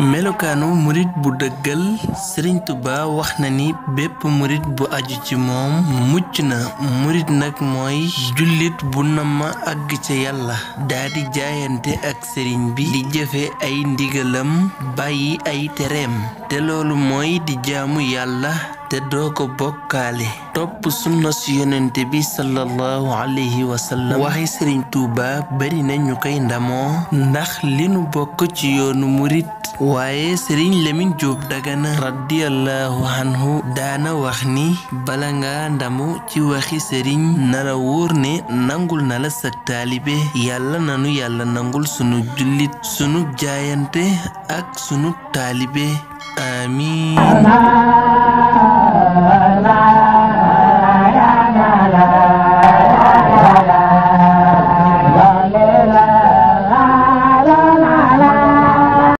melokaanu murit bu dëggal sëriñ ba wax na ni bépp murit bu aju ci moom mucc na murit nag mooy jullit bu nama àgg ca yàlla daldi jaayante ak sëriñ bi di jëfe ay ndigalam bàyyi ay tereem te loolu mooy di jaamu yàlla te doo ko bokkaale topp sunna si yonente bi sallallahu alayhi wa waxi sëriñ tuuba bari na ñu koy ndamoo ndax li nu bokk ci yoonu murit waaye sëriñ Lamin Jóob Dagana radiyallahu anhu daana wax ni bala nga ndamu ci waxi sëriñ na la wóor nangul nala la sa taalibe yàlla nanu yàlla nangul sunu jullit sunu jaayante ak sunu taalibe amiin